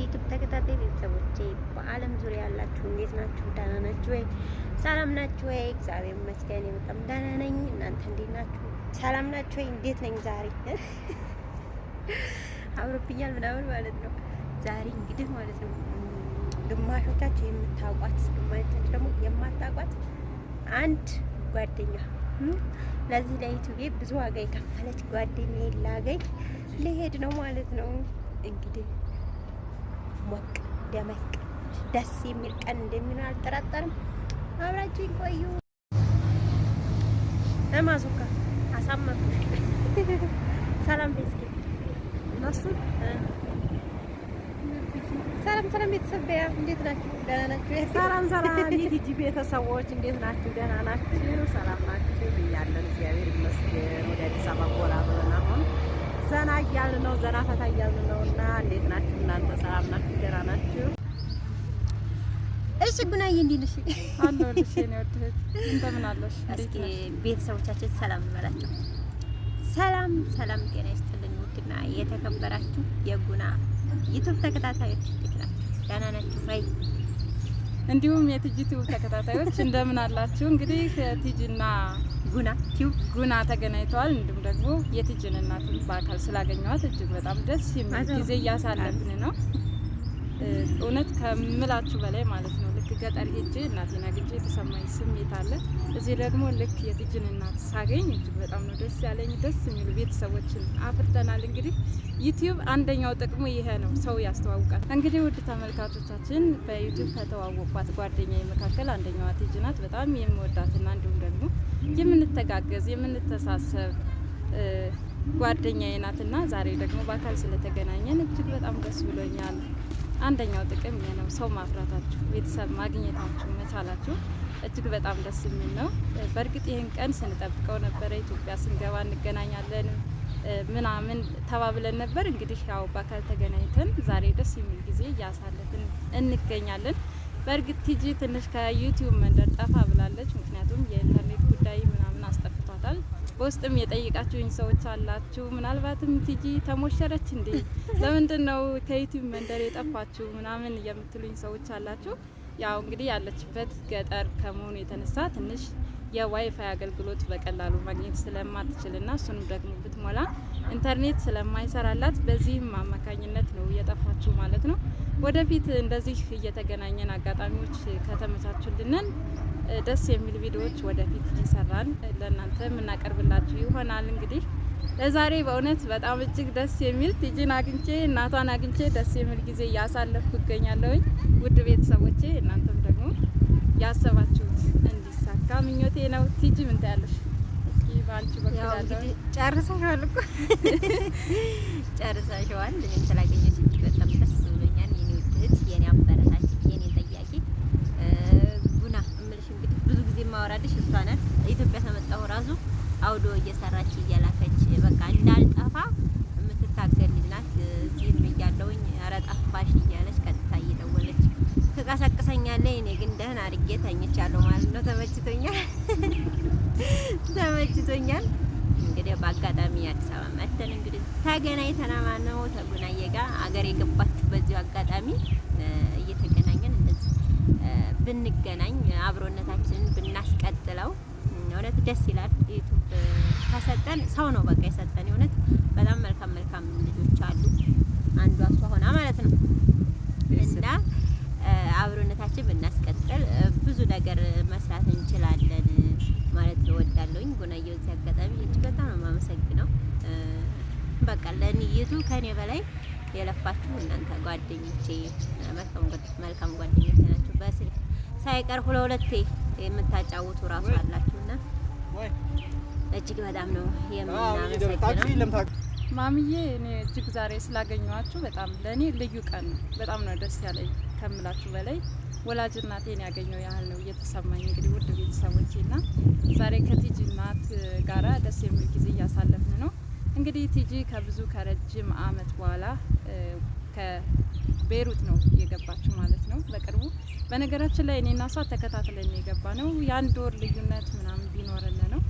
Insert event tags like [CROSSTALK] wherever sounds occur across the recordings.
ውድ ዩቱብ ተከታታይ ቤተሰቦቼ በዓለም ዙሪያ ያላችሁ እንዴት ናችሁ? ደህና ናችሁ ወይ? ሰላም ናችሁ ወይ? እግዚአብሔር ይመስገን በጣም ደህና ነኝ። እናንተ እንዴት ናችሁ? ሰላም ናችሁ ወይ? እንዴት ነኝ? ዛሬ [LAUGHS] አምሮብኛል ምናምን ማለት ነው። ዛሬ እንግዲህ ማለት ነው ግማሾቻችሁ የምታውቋት፣ ግማሾቻችሁ ደግሞ የማታውቋት አንድ ጓደኛ ለዚህ ለዩቱቤ ብዙ ዋጋ የከፈለች ጓደኛ ላገኝ ሊሄድ ነው ማለት ነው እንግዲህ ሞቅ ደመቅ ደስ የሚል ቀን እንደሚሆን አልጠራጠርም። አብራችሁኝ ቆዩ። እማዙካ አሳመኩ። ሰላም ቤስኪ ናሱ ሰላም ሰላም ቤተሰብ በያ እንዴት ናችሁ? ደህና ናችሁ? ሰላም ሰላም የቲጂ ቤተሰቦች እንዴት ናችሁ? ደህና ናችሁ? ሰላም ናችሁ? ብያለሁ። እግዚአብሔር ይመስገን። ወደ አዲስ አበባ ጎራ ብለን አሁን ዘና እያልን ነው፣ ዘና ፈታ እያልን ነው። እና እንዴት ናችሁ እናንተ? ሰላም ናችሁ? ደህና ናችሁ? እሺ ጉናዬ፣ እንዴት ነሽ? አለሁልሽ የእኔ ወድ እህት፣ እንደምን አለሽ? እስኪ ቤተሰቦቻችን ሰላም እንበላቸው። ሰላም ሰላም፣ ጤና ይስጥልን። ውድና የተከበራችሁ የጉና ዩቱብ ተከታታዮች እንዴት ናችሁ? ደህና ናችሁ? እንዲሁም የቲጂ ቲዩብ ተከታታዮች እንደምን አላችሁ? እንግዲህ ቲጂና ጉና ቲዩብ ጉና ተገናኝተዋል። እንዲሁም ደግሞ የቲጂን እናት በአካል ስላገኘዋት እጅግ በጣም ደስ የሚል ጊዜ እያሳለፍን ነው። እውነት ከምላችሁ በላይ ማለት ነው። ገጠር ሄጄ እናቴን አግኝቼ የተሰማኝ ስሜት አለ። እዚህ ደግሞ ልክ የልጅን እናት ሳገኝ እጅግ በጣም ነው ደስ ያለኝ። ደስ የሚሉ ቤተሰቦችን አፍርተናል። እንግዲህ ዩቲዩብ አንደኛው ጥቅሙ ይሄ ነው፣ ሰው ያስተዋውቃል። እንግዲህ ውድ ተመልካቾቻችን በዩቲዩብ ከተዋወቋት ጓደኛ መካከል አንደኛዋ ቲጂ ናት። በጣም የምወዳትና እንዲሁም ደግሞ የምንተጋገዝ የምንተሳሰብ ጓደኛዬ ናትና ዛሬ ደግሞ በአካል ስለተገናኘን እጅግ በጣም ደስ ብሎኛል። አንደኛው ጥቅም ይሄ ነው። ሰው ማፍራታችሁ፣ ቤተሰብ ማግኘታችሁ መቻላችሁ እጅግ በጣም ደስ የሚል ነው። በእርግጥ ይህን ቀን ስንጠብቀው ነበረ። ኢትዮጵያ ስንገባ እንገናኛለን ምናምን ተባብለን ነበር። እንግዲህ ያው በአካል ተገናኝተን ዛሬ ደስ የሚል ጊዜ እያሳለፍን እንገኛለን። በእርግጥ ቲጂ ትንሽ ከዩቲዩብ መንደር ጠፋ ብላለች። ምክንያቱም የኢንተርኔት በውስጥም የጠይቃችሁኝ ሰዎች አላችሁ። ምናልባትም ቲጂ ተሞሸረች እንዴ ለምንድን ነው ከዩቲዩብ መንደር የጠፋችሁ ምናምን የምትሉኝ ሰዎች አላችሁ። ያው እንግዲህ ያለችበት ገጠር ከመሆኑ የተነሳ ትንሽ የዋይፋይ አገልግሎት በቀላሉ ማግኘት ስለማትችልና እሱንም ደግሞ ብትሞላ ኢንተርኔት ስለማይሰራላት በዚህም አማካኝነት ነው እየጠፋችሁ ማለት ነው። ወደፊት እንደዚህ እየተገናኘን አጋጣሚዎች ከተመቻችሁልንን ደስ የሚል ቪዲዮዎች ወደፊት እየሰራን ለእናንተ የምናቀርብላችሁ ይሆናል። እንግዲህ ለዛሬ በእውነት በጣም እጅግ ደስ የሚል ቲጂን አግኝቼ እናቷን አግኝቼ ደስ የሚል ጊዜ እያሳለፍኩ እገኛለሁኝ። ውድ ቤተሰቦቼ እናንተም ደግሞ ያሰባችሁት እንዲሳካ ምኞቴ ነው። ቲጂ ምን ታያለሽ? እስኪ በአንቺ በኩል ያለው እኮ ጨርሰሽዋል። እኔም በጣም ደስ ብሎኛል የኔ ውድ እህት የኔ ማወራድሽ እሷ ናት። ኢትዮጵያ ተመጣሁ ራሱ አውዶ እየሰራች እያላከች በቃ እንዳልጠፋ የምትታገል ናት። እዚህም እያለውኝ ኧረ ጠፋሽ እያለች ቀጥታ እየደወለች ትቀሰቅሰኛለች። እኔ ግን ደህን አድርጌ ተኝቻለሁ ማለት ነው። ተመችቶኛል፣ [LAUGHS] ተመችቶኛል። እንግዲህ በአጋጣሚ አዲስ አበባ መተን እንግዲህ ተገናኝተናማ ነው ተጉናዬ ጋር አገር የገባት በዚሁ አጋጣሚ እየተገና ብንገናኝ አብሮነታችንን ብናስቀጥለው እውነት ደስ ይላል። ዩቱብ ከሰጠን ሰው ነው በቃ የሰጠን እውነት በጣም መልካም መልካም ልጆች አሉ። አንዷ እሷ ሆና ማለት ነው እና አብሮነታችን ብናስቀጥል ብዙ ነገር መስራት እንችላለን ማለት እወዳለሁኝ። ጉናየው እዚህ አጋጣሚ እጅ በጣም ነው የማመሰግነው። በቃ ለንይቱ ከኔ በላይ የለፋችሁ እናንተ ጓደኞቼ መልካም ጓደኞች ናቸው። ሳይቀር ሁለቴ የምታጫውቱ እራሱ አላችሁና እጅግ በጣም ነው የምናመሰግነው። ማምዬ እኔ እጅግ ዛሬ ስላገኘኋችሁ በጣም ለእኔ ልዩ ቀን ነው። በጣም ነው ደስ ያለኝ ከምላችሁ በላይ ወላጅ እናቴን ያገኘው ያህል ነው እየተሰማኝ። እንግዲህ ውድ ቤተሰቦቼ ና ዛሬ ከቲጂ እናት ጋራ ደስ የሚል ጊዜ እያሳለፍን ነው። እንግዲህ ቲጂ ከብዙ ከረጅም አመት በኋላ ከቤይሩት ነው የገባችው ማለት ነው በቅርቡ። በነገራችን ላይ እኔና እሷ ተከታትለን የገባ ነው የአንድ ወር ልዩነት ምናምን ቢኖረን ነው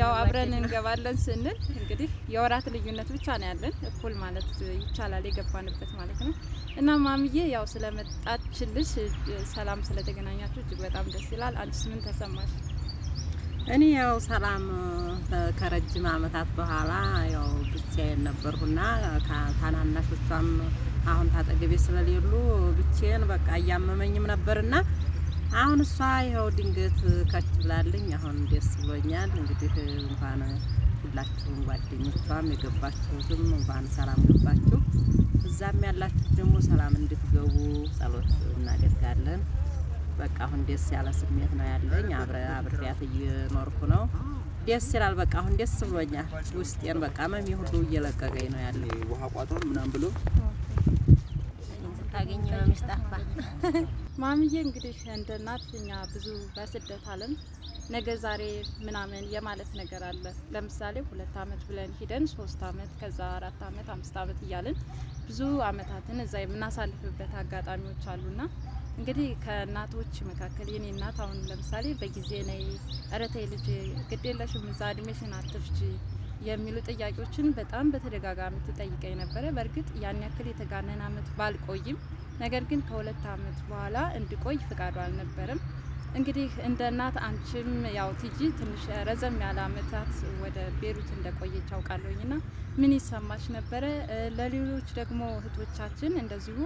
ያው አብረን እንገባለን ስንል እንግዲህ የወራት ልዩነት ብቻ ነው ያለን፣ እኩል ማለት ይቻላል የገባንበት ማለት ነው። እና ማምዬ ያው ስለመጣችልሽ ሰላም ስለተገናኛችሁ እጅግ በጣም ደስ ይላል። አንቺስ ምን ተሰማሽ? እኔ ያው ሰላም ከረጅም ዓመታት በኋላ ያው ብቻዬን ነበርኩና ከታናናሾቿም አሁን ታጠገቤ ስለሌሉ ብቼን በቃ እያመመኝም ነበርና አሁን እሷ ይኸው ድንገት ከች ብላለኝ። አሁን ደስ ብሎኛል። እንግዲህ እንኳን ሁላችሁም ጓደኞቿም የገባችሁትም እንኳን ሰላም ገባችሁ። እዛም ያላችሁ ደግሞ ሰላም እንድትገቡ ጸሎት እናደርጋለን። በቃ አሁን ደስ ያለ ስሜት ነው ያለኝ። አብሬያት እየኖርኩ ነው። ደስ ይላል። በቃ አሁን ደስ ብሎኛል። ውስጤን በቃ መሚ ሁሉ እየለቀቀኝ ነው ያለኝ። ውሃ ቋጠር ምናምን ብሎ አገኘ በሚስጣፋ ማምዬ እንግዲህ እንደ እናት እኛ ብዙ በስደት አለም ነገ ዛሬ ምናምን የማለት ነገር አለ። ለምሳሌ ሁለት አመት ብለን ሂደን ሶስት አመት ከዛ አራት አመት አምስት አመት እያልን ብዙ አመታትን እዛ የምናሳልፍበት አጋጣሚዎች አሉና እንግዲህ ከእናቶች መካከል የኔ እናት አሁን ለምሳሌ በጊዜ ነይ እረተይ ልጅ ግዴለሽም እዛ እድሜሽን አትፍቺ የሚሉ ጥያቄዎችን በጣም በተደጋጋሚ ትጠይቀኝ ነበረ። በእርግጥ ያን ያክል የተጋነን አመት ባልቆይም፣ ነገር ግን ከሁለት አመት በኋላ እንድቆይ ፍቃዱ አልነበርም። እንግዲህ እንደ እናት አንቺም ያው ቲጂ ትንሽ ረዘም ያለ አመታት ወደ ቤሩት እንደቆየች ና ምን ይሰማች ነበረ? ለሌሎች ደግሞ እህቶቻችን እንደዚሁ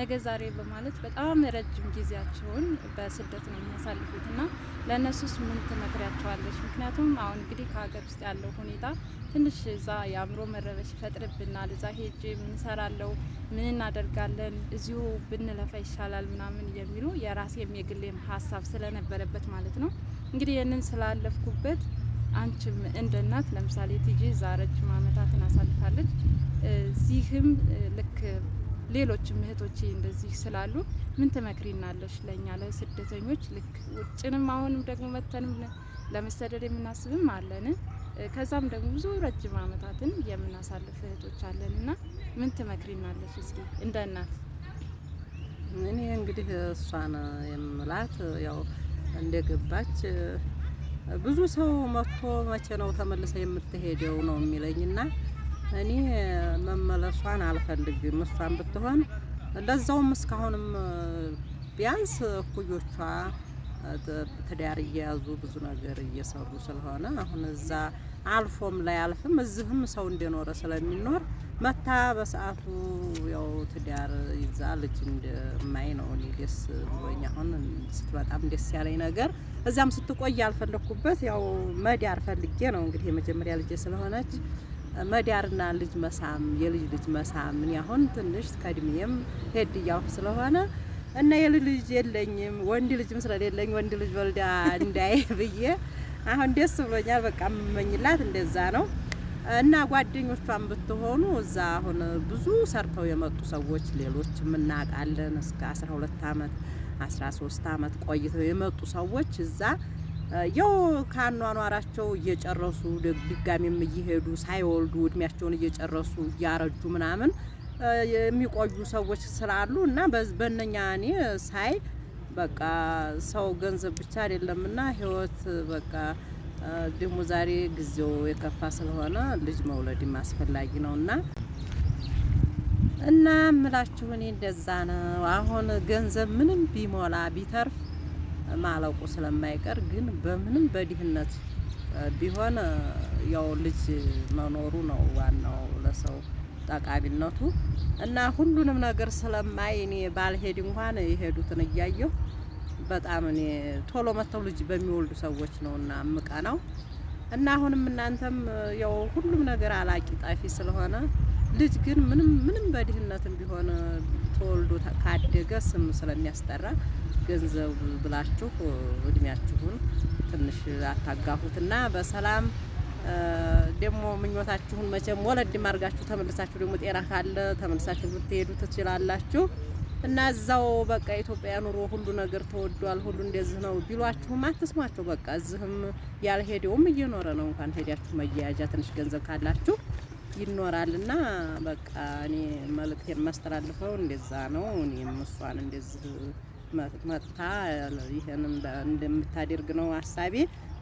ነገ ዛሬ በማለት በጣም ረጅም ጊዜያቸውን በስደት ነው የሚያሳልፉትና ለእነሱስ ምን ትመክሪያቸዋለች? ምክንያቱም አሁን እንግዲህ ከሀገር ውስጥ ያለው ሁኔታ ትንሽ እዛ የአእምሮ መረበሽ ይፈጥርብናል። እዛ ሄጄ ምን እሰራለሁ፣ ምን እናደርጋለን፣ እዚሁ ብንለፋ ይሻላል ምናምን የሚሉ የራሴም የግሌም ሀሳብ ስለነበረበት ማለት ነው እንግዲህ ይህንን ስላለፍኩበት አንቺም እንደ እናት ለምሳሌ ቲጂ ዛሬ ረጅም አመታትን አሳልፋለች። እዚህም ልክ ሌሎችም እህቶቼ እንደዚህ ስላሉ ምን ትመክሪናለሽ ለእኛ ለስደተኞች ልክ ውጭንም አሁንም ደግሞ መተንም ለመሰደድ የምናስብም አለን ከዛም ደግሞ ብዙ ረጅም አመታትን የምናሳልፍ እህቶች አለን እና ምን ትመክሪናለሽ እስኪ እንደ እናት? እኔ እንግዲህ እሷን የምላት ያው እንደ ገባች ብዙ ሰው መጥቶ መቼ ነው ተመልሰ የምትሄደው ነው የሚለኝና እኔ መመለሷን አልፈልግም። እሷን ብትሆን ለዛውም እስካሁንም ቢያንስ እኩዮቿ ትዳር እየያዙ ብዙ ነገር እየሰሩ ስለሆነ አሁን እዛ አልፎም ላይ አልፍም እዚህም ሰው እንደኖረ ስለሚኖር መታ በሰዓቱ ያው ትዳር ይዛ ልጅ እንደማይ ነው እኔ ደስ ብሎኝ፣ አሁን በጣም ደስ ያለኝ ነገር እዛም ስትቆይ ያልፈለኩበት ያው መዳር ፈልጌ ነው እንግዲህ የመጀመሪያ ልጄ ስለሆነች መዳርና ልጅ መሳም የልጅ ልጅ መሳም እኔ አሁን ትንሽ ከእድሜም ሄድ እያልኩ ስለሆነ እና የልጅ ልጅ የለኝም ወንድ ልጅም ስለሌለኝ ወንድ ልጅ ወልዳ እንዳይ ብዬ አሁን ደስ ብሎኛል። በቃ የምመኝላት እንደዛ ነው። እና ጓደኞቿን ብትሆኑ እዛ አሁን ብዙ ሰርተው የመጡ ሰዎች ሌሎች የምናውቃለን እስከ 12 ዓመት 13 ዓመት ቆይተው የመጡ ሰዎች እዛ ያው ከአኗኗራቸው እየጨረሱ ድጋሚም እየሄዱ ሳይወልዱ እድሜያቸውን እየጨረሱ እያረጁ ምናምን የሚቆዩ ሰዎች ስላሉ እና በእነኛ እኔ ሳይ በቃ ሰው ገንዘብ ብቻ አይደለምና ህይወት በቃ ደግሞ ዛሬ ጊዜው የከፋ ስለሆነ ልጅ መውለድም አስፈላጊ ነው እና እና ምላችሁ እኔ እንደዛ ነው። አሁን ገንዘብ ምንም ቢሞላ ቢተርፍ ማለቁ ስለማይቀር ግን በምንም በድህነት ቢሆን ያው ልጅ መኖሩ ነው ዋናው ለሰው ጠቃሚነቱ እና ሁሉንም ነገር ስለማይ እኔ ባልሄድ እንኳን የሄዱትን እያየሁ በጣም እኔ ቶሎ መጥተው ልጅ በሚወልዱ ሰዎች ነው እና ነው እና አሁንም እናንተም ያው ሁሉም ነገር አላቂ ጠፊ ስለሆነ ልጅ ግን ምንም ምንም በድህነትም ቢሆን ተወልዶ ካደገ ስም ስለሚያስጠራ ገንዘብ ብላችሁ እድሜያችሁን ትንሽ እና በሰላም ደግሞ ምኞታችሁን መቼም ወለድም አድርጋችሁ ተመልሳችሁ ደግሞ ጤና ካለ ተመልሳችሁ ብትሄዱ ትችላላችሁ እና እዛው በቃ ኢትዮጵያ ኑሮ ሁሉ ነገር ተወዷል፣ ሁሉ እንደዚህ ነው ቢሏችሁም አትስማቸው። በቃ እዚህም ያልሄደውም እየኖረ ነው። እንኳን ሄዳችሁ መያያዣ ትንሽ ገንዘብ ካላችሁ ይኖራል እና በቃ እኔ መልእክቴን ማስተላልፈው እንደዛ ነው። እኔም እሷን እንደዚህ መጥታ ይህን እንደምታደርግ ነው ሀሳቤ።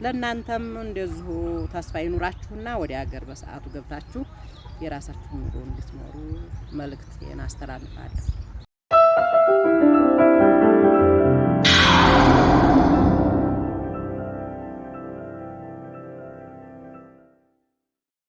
ለእናንተም እንደዚሁ ተስፋ ይኑራችሁና ወደ ሀገር በሰዓቱ ገብታችሁ የራሳችሁን ኑሮ እንድትኖሩ መልእክቴን አስተላልፋለሁ።